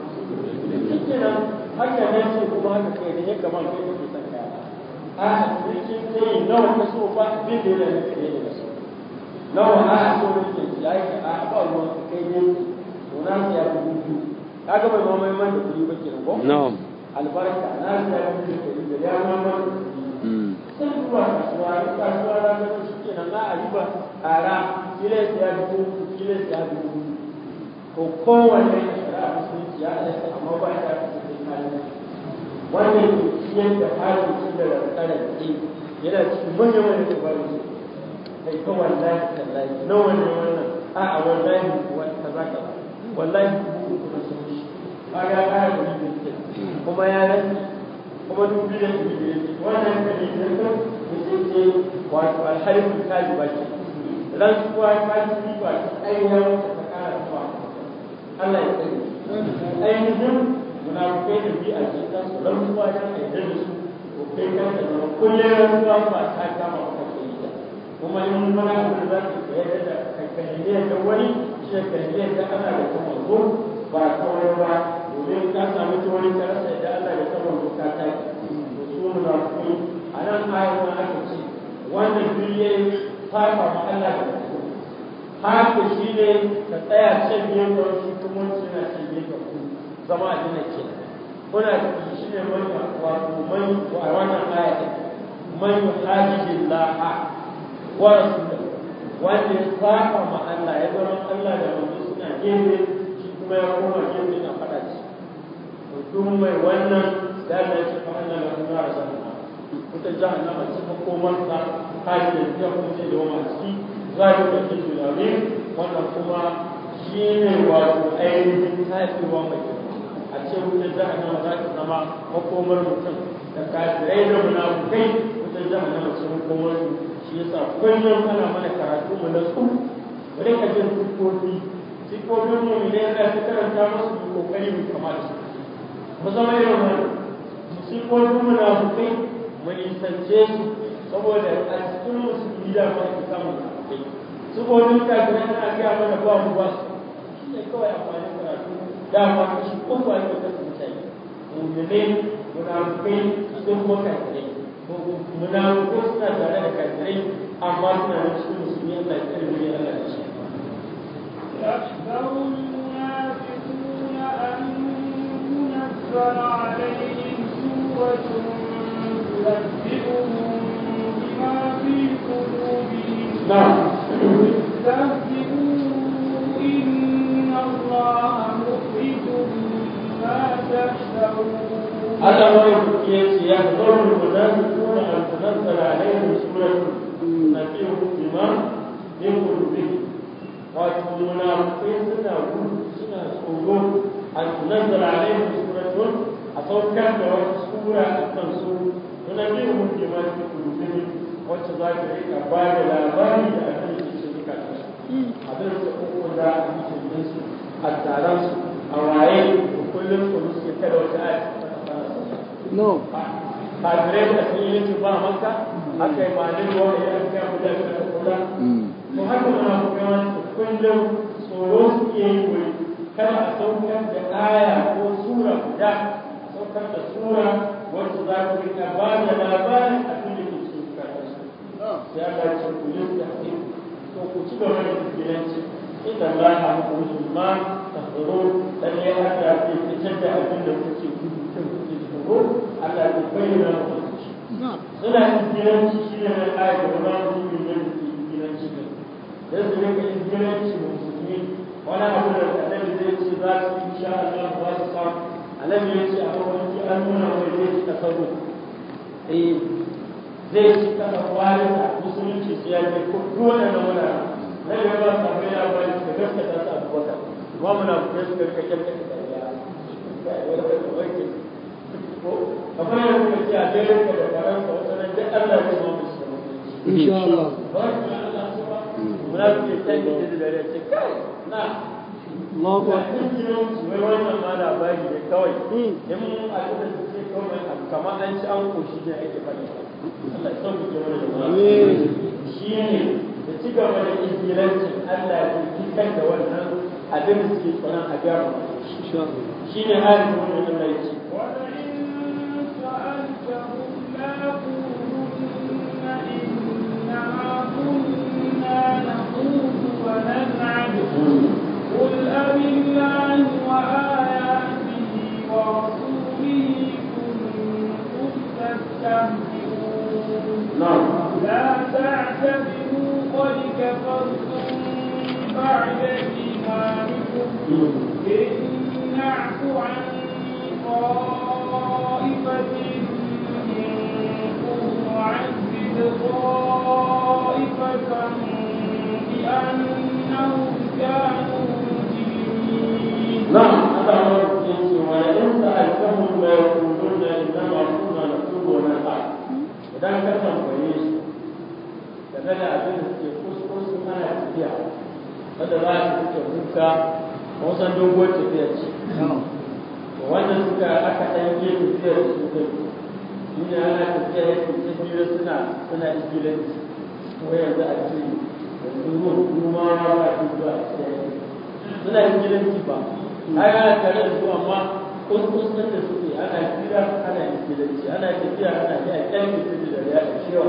shi har haka nan ce kuma haka kai ne ya kamata ya a cikin kai nawa ka so ba abin da yana da kare da su nawa a so ne ke ya yi a ba ruwa kai ne to na ya ku biyu kaga bai mamai man da kuri ba kenan ko na'am albarka na ta ku biyu da hmm. ya mamai man sai ruwa kasuwa kasuwa na ga shi kenan na ayuba ara kile ya biyu kile ya biyu to kowanne ya shara musulunci ya alaka amma ba ya wannan ke ciyar da hali cin da rantsanar ke yana cikin manyan wani da su kai ta wallahi tallahi na wannan wannan a a wallahi wata za ka wallahi kuma kuma sun shi ba ya kara da yi da kuma ya rasu kuma duk da yi da yi wannan ka ne da kan ce wato alhaifin kaji ba ke rantsuwa ta ji ba ta ainihin ta kara kuma Allah ya tsare ainihin na kai da bi a cikin su rantsuwa don a yarda da su ko kai kan da zama kullum rantsuwa ba ta kama ka kai ta kuma in wani abu da za ka kai da da wani shi kalmiyar da ana da kuma manzo ba kawai ba domin ka samu ta wani ta rasa da Allah da ta manzo ka ta da su na kuma a nan ayar wani aka ce wannan duniyar fafa ma Allah da haka shi ne ka tsaya can biyan da kuma suna can biyan zama a jinar ke kuna da shi ne mai wato man a wannan ayatin man yuhajibin laha wa rasulahu wanda ya saba ma Allah ya zama Allah da mutum suna gefe shi kuma ya koma gefe na faɗa shi mutum mai wannan da Allah ya shafa Allah da kuma a zama kuta jahannama ce makomarsa hajjin ya kuce da wani ciki za ki da kitu tunani wannan kuma shi ne wato ainihin tafiwa mai ce a jahannama za ta zama makomar mutum da kafirai da muna munafukai wutar jahannama ce makomar su shi yasa kullum kana mana karatu mu na su mu rika jin siffofi siffofin mu ne ya ta karanta musu mu kokari mu kamar su mu zama irin wani su munafukai mu nisance su saboda a cikin musulmi da ba su samu munafukai siffofin kafirai ana gaya mana ba mu ba su shi ne kawai amfani dama kashi ne mu kasa mutane mu'minai munafikai sun mu na munafikai suna tare da kafirai amma suna da cikin musulmi Allah ya kare mu ne Allah ya shi تنبئهم بما في قلوبهم نعم Allah ma yau ya ce ya kawar munafiquna an tunazzala alaihim suratun naqihum bima min qulubihim wato munafiqai suna gudu suna tsoro an tunazzala alaihim suratun a saukar da wata sura a kan su naqihum bima min qulubihim wacce za ta rika ba da labari da abin da ke suka kasa abin da uku za a yi su a taron a no kafirai da sun ba maka aka yi malin ruwa da ya da tsoro kada a da aya ko sura guda a saukar da sura wacce za ku rika ba da labarin abin da ke to ku ci gaba da kiranci inda Allah ya haɗu musulman tsaro dan ya haɗa ke fitar da abin da kuke ko Allah na su ne ba su ci zai ci kasa kwarin musulunci su ko da ko da Allah ya Allah Allah a ci Allah da wannan abin da suke tsoron a shi ne wannan قل أب الله وآياته ورسوله كنتم نعم. تستهزئون لا تعتذروا قد كفرتم بعد إيمانكم إن نعفو عن طائفة منكم نعذب طائفة بأنهم نعم هذا هو الجنس ولئن سألتهم ما يقولون إنما كنا نقول ونفعل إذا كتم كويس كذلك أبين في كسكس ما يتبيع هذا لا يتبيع wasan suka ana tafiya suna suna igilanci ko yanzu a cikin kuma ma ba su zuwa suna yin gidan kifa ai ana tare da su amma kuskus din da suke ana kira ana yin gidanci ana tafiya ana yi a kyanke su da ya da cewa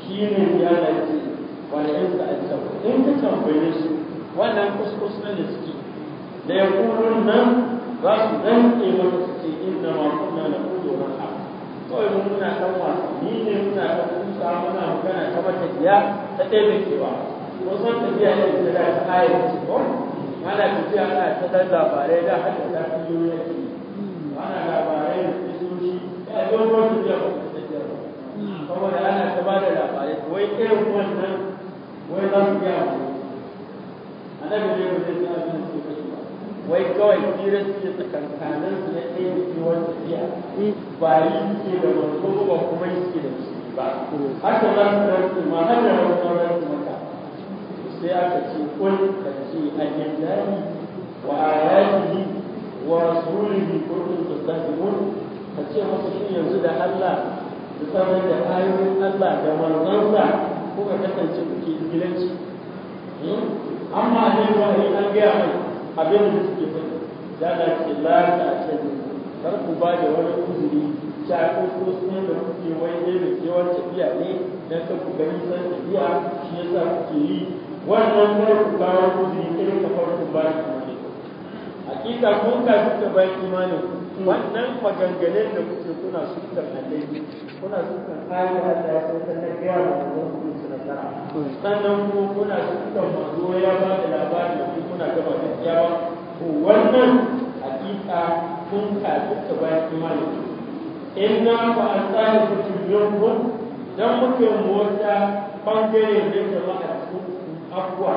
shi ne ya da ce wani sa a can in ka tambaye su wannan kuskus din da suke da ya kurun nan za su dan ke mata su ce inda ma kuna na kudo na ha kawai mun muna kan wasanni ne muna kan kusa muna magana ta mata biya ta taimakewa kusan tafiya ne ta da ta ayar ko ana tafiya ana ta dan labarai da har da ta yi yake ana labarai da kisoshi ya yi wani wani tafiya ko ta tafiya saboda ana ta ba da labarai wai irin wannan wai za su gaya mu annabi ne ba ta tsaya bin su kashi ba wai kawai hira suke tsakankanin su na ɗaya da ke tafiya ba yi suke da wani kuma ba kuma yi suke da shi ba haka za su rantsu ma har da rantsu rantsu maka sai aka ce kun ka ce alillahi wa ayatihi wa rasulihi kuntum tastahzi'un ka ce musu shi yanzu da Allah da sanar da ayoyin Allah da ko ka kasance kuke gilanci hmm? amma ne wani an gaya mai abin da suke faɗi da na ce la kar ku ba da wani uzuri cakokosin da kuke wani ne da kewar tafiya ne don ka ku gani san tafiya shi yasa kuke yi wannan kar ku kawo kuzuri irin ka farko ba ku ne hakika kun ka kuka bai imanin wannan maganganun da kuke kuna sukar annabi kuna sukar kayan Allah ya saukar na gaya da wannan kuɗin nasara sannan ko kuna sukar mazo ya ba da labarin da kuna gaba gaskiya ba wannan hakika kun ka kuka bai imanin in na ba a tsara su cikin ku dan muke mota bangare da ke maka su abuwa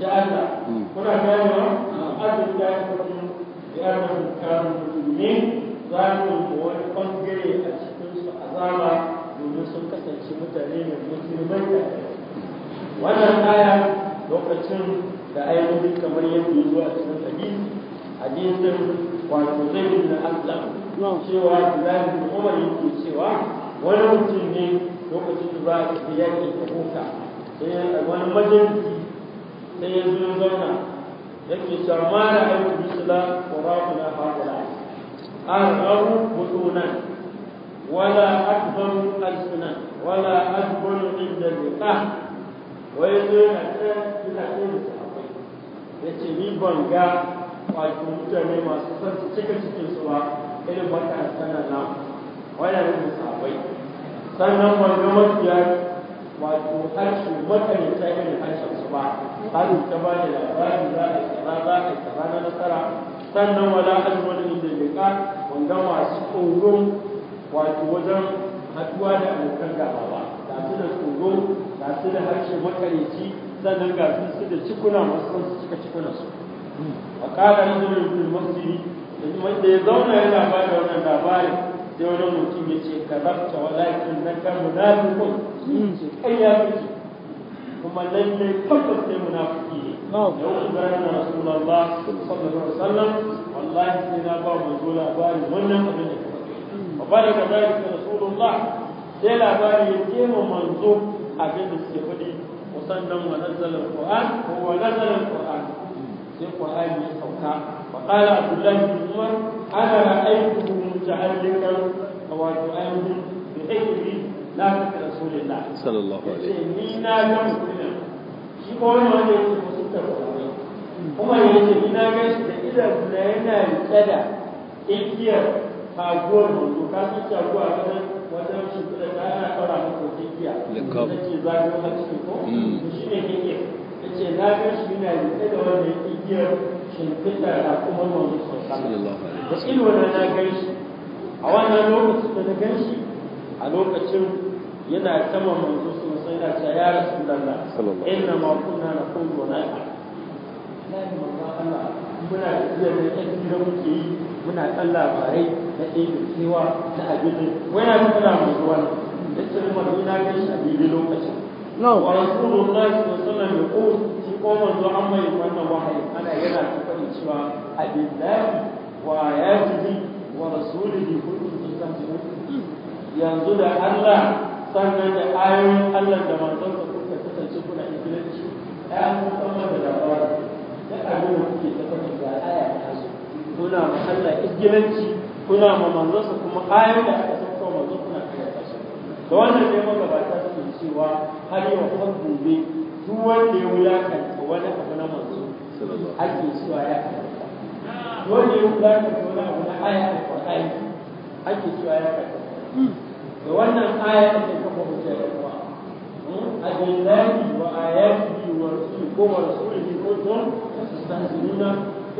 ji Allah hmm. kuna gane ma a da ya fito da ya kan za mu yi wani a cikin su azama domin sun kasance mutane mai musulmai da wannan aya lokacin da ainihin kamar yadda ya zo a cikin hadisi hadisin wato zai yi na Allah cewa ibrahim da yake cewa wani mutum ne lokacin ibrahim da yaƙi ta huta sai wani majalisi sai ya zo zauna yake cewa ma da aiki bisila wa rabu na fadila arhamu butunan wala akbaru alsunan wala akbaru inda liqa wai zo yana tsaye yana tsaye da sahabbai ya ce ni ban ga wato mutane masu son cika cikin su ba irin wannan sanar na abin rubin sabai sannan wanda mabiyar wato harshe ta irin harshen su ba harin ta ba da labarin za a kaza za a yi kaza na nasara sannan wala alwani da liƙa wanda masu tsoron wato wajen haɗuwa da abokan gaba ba ga su da tsoro ga su da harshe makarici sannan ga su da cikuna masu cika cikunan su. وقال ابن المسجد wanda ya zauna yana ba da wannan labarin da wani mutum ya ce ka zafta walakin na kan munafikun ce kai ya fice kuma lallai tabbas sai munafiki ne yau ibrahim rasulullah sallallahu alaihi wasallam wallahi sai na ba mu zo labarin wannan abin da wa baraka zalika rasulullah sai labarin ya kema manzo abin da suke faɗi musannan wa nazzala alquran wa nazzala alquran sai qur'ani ya sauka قال عبد الله بن عمر انا رايته متعلقا وقد ايضا بحبه لا رسول الله صلى الله عليه وسلم shi ko wani wanda yake musu ta kuma ya ce ina ga shi da idan a yana rike da igiyar faguwar mutu ka san jagowa wata ta kara igiya da ke a ko shi ne ya ce na yana rike da wannan igiyar shimfiɗa da kuma manzo da ilwana na ganshi a wannan lokacin da na ganshi a lokacin yana sama manzo sallallahu alaihi wasallam ya rasulullah inna ma kunna naqulu wa na'mal muna tafiya da ɗan gida muke yi muna ɗan labarai na ɗaya cewa na abin wai na nuna mai zuwa da cikin madina gaishe a daidai lokacin wa rasulullahi sallallahu alaihi wasallam ya ko manzo an mai wannan wahayi ana yana tabbata cewa abillahi wa ayatihi wa rasulihi kuntum tastahzi'un yanzu da Allah sannan da ayoyin Allah da manzonsa kuka kasance kuna ikilanci ai an musamman da labari da abin da kuke tafi da aya ta zo kuna ma Allah ikilanci kuna ma manzonsa kuma ayoyin da aka sauka manzo kuna karanta su da wannan ne magabata suke cewa har yau har gobe duk wanda ya wuya wulakanta daga wani abu na manzo ake cewa ya karɓa dole yau za ka ga wani abu na aya a kwatai ake cewa ya karɓa da wannan aya ake kafa hujja da hmm? a billahi wa ayatihi wa rasuli ko wa rasulihi ko don tastanziluna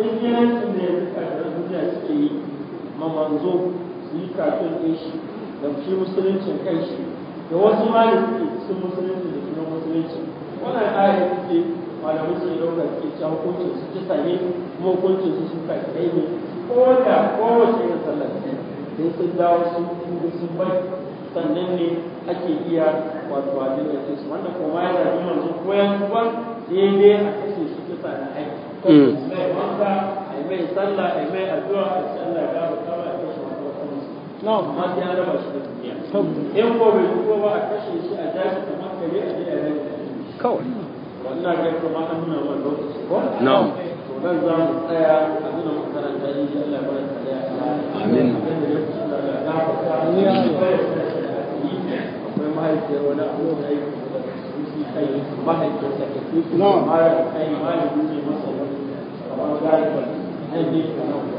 injiyancin da karɓar suke yi ma manzo su yi kafin ɗin da shi musuluncin kai shi da wasu ma da suke sun musulunci da musulunci wannan malamin sun dauka ke cewa hukuncin su ci sanyi kuma hukuncin su sun kai ne ko da kowace irin sallah ce sai su dawo su tuba su bai sannan ne ake iya wato wajen da su wanda kuma ya zaɓi manzo ko ya tuba dai a kashe su kisa na aiki hmm. mai wanka a yi mai sallah a yi mai addu'a a shi Allah ya ba kama a kashe wato wasu na amma sai an raba shi da duniya in ko bai tuba ba a kashe shi a jashi kamar kare a gidajen kawai wannan ga kuma an nuna wannan lokaci ko na'am to nan za mu tsaya a nuna makaranta yi Allah ya barka da amin akwai mahaifiyar wani abu da yake da su kai mahaifiyar ta ke su na'am kai mahaifiyar ne masa wani kamar gari ba ne ne kana wani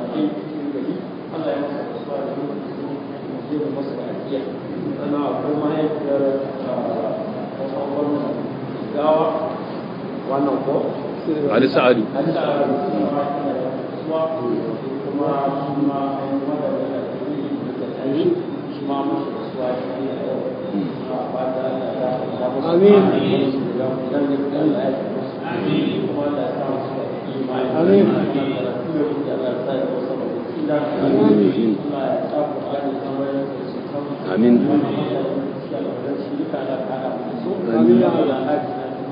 gari Allah ya masa asuwa da mutum da masa da ajiya sannan akwai mahaifiyar ta wasu abubuwan gawa wannan ko ali sa'adu amin amin amin amin